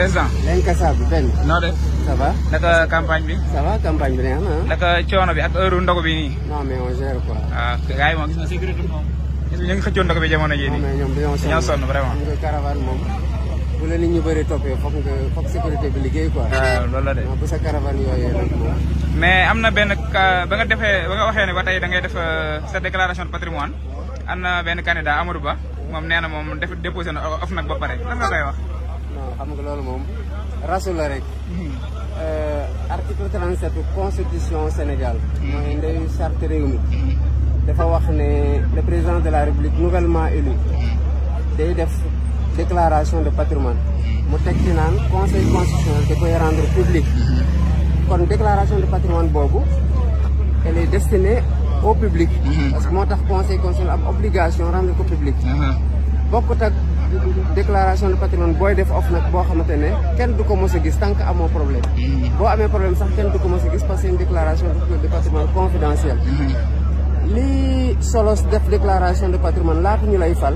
président Lenka Saabu Ben. noo def. ça va. naka campagne bi. ça va campagne bi neex na. naka bi ak heure ndogu bi nii. non mais on gère quoi. waaw gars yi gis na sécurité moom. ñu ngi xëccoon ndogu bi jamono jii nii. non mais ñoom dañoo sonn vraiment. ñu caravane moom. bu la nit ñu bëri toppee foog nga foog sécurité bi liggéey quoi. waaw ah, la bu sa caravane mais ba nga ba nga da ngay def euh, sa déclaration de patrimoine am na candidat Amadou Ba def na of ba lan nga koy wax non xam nga loolu moom la hmm. article 37 constitution Sénégal. Hmm. mooy ndeyu charte réunie. dafa le président de la république nouvellement élu hmm. fait une déclaration de patrimoine mu conseil constitutionnel da rendre public une déclaration de patrimoine elle est destinée au public parce que le conseil constitutionnel am obligation rendre au public déclaration de patrimoine boy def off nak bo xamantene kenn duko ko gis tank amo problème hmm. bo amé problème sax kenn duko ko gis parce que une déclaration de patrimoine confidentiel hmm. li solos def déclaration de patrimoine la ñu lay fal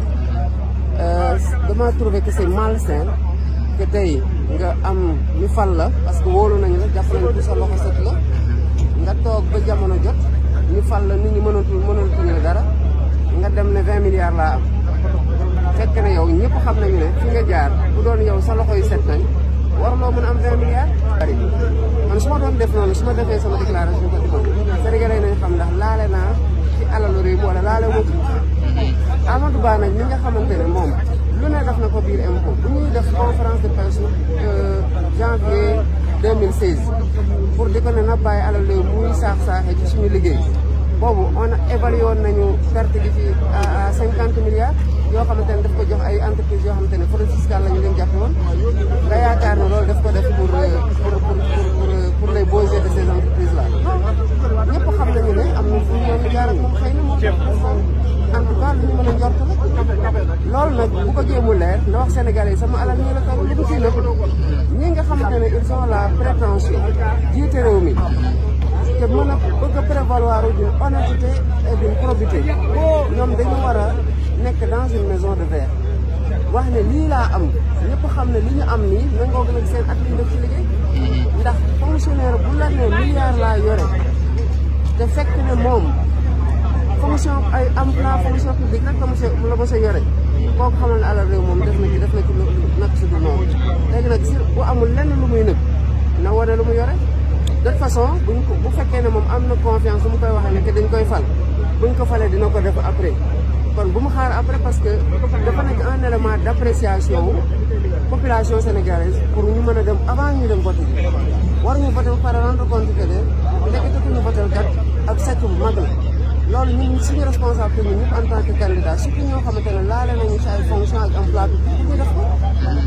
euh, dama trouvé que c'est malsain que tay nga am ñu fal la parce que wolu nañ la jàpp nañu du sa loxo set la nga tok ba jamono jot ñu fal la nit ñi mënatul mënatul la dara nga dem ne 20 milliards la am fekkee ne yow ñëpp xam nañu ne fi nga jaar bu doon yow sa loxo yu set nañ warloo am 20 milliards. bari man doon def noonu su ma defee sama déclaration ko defoon Sénégalais nañ xam ndax laale naa ci alalu réew wala laale wut. Amadou Ba nag ñi nga xamante ne moom lu ne def na ko biir impôt bu ñuy def conférence de presse euh, janvier 2016 pour di ko ne na bàyyi alal réew muy saax saaxee ci suñu liggéey boobu on évalué yoon nañu perte gi ci à milliards. yoo xamante ne daf ko jox ay entreprise yoo xamante ne fraude fiscale la ñu leen jàpp woon nga yaakaar ne loolu daf ko def pour euh, pour pour euh, de ces entreprises là ñëpp xam nañu ne am na fu yoon jaar ak moom a njort rek loolu nag bu ko jéemu leer na wax sénégalais sama alal ñii la toll lu mu ciy nëpp ñii nga xamante ne ils ont la prétention jiite réew mi te mën a bëgg a prévaloir d'une honnêteté et d'une probité ñoom dañu war a nek dans une maison de verre wax ne li la am ñëpp xam ne li ñu am ni nii nangoog nag seen at li def ci liggéey ndax fonctionnaire bu la ne milliard la yore te fekk ne moom fonction ay am emploi fonction publique nak la mos a la mos yore ko xamal ne alal réew moom def na ci def na ci nak ci du mom legui nak sir bu amul lenn lu muy nëb na wone lu muy yore de toute façon buñ ko bu fekke ne mom amna confiance mu koy waxe ne que dañ koy fal buñ ko falé dina ko def après bu mu xaar après parce que dafa nekk un élément d' appréciation population sénégalaise pour ñu mën a dem avant ñu dem voté war ñu voté par rendre compte que ne nekkati ku ñu ak sàcc mag la loolu ñun suñu responsable ñun ñëpp en tant que ne laale ñu def ko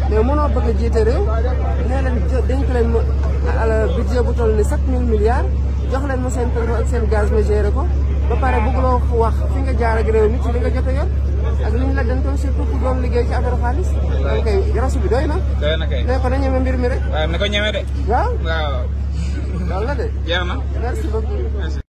mais mënoo bëgg a jiite réew nee leen dénk leen ma budget bu toll ni mille milliards jox leen ma seen pétrole ak seen gaz ma ko ba pare bëggloo wax fi nga jaar ak réew mi ci li nga jot a yor ak li ñu la dentoon surtout ku liggéey ci affaire xaalis. waaw kay doy na. ne ko ñeme mbir mi rek. waaw na ko ñeme de. waaw waaw. la de. jeex na merci beaucoup.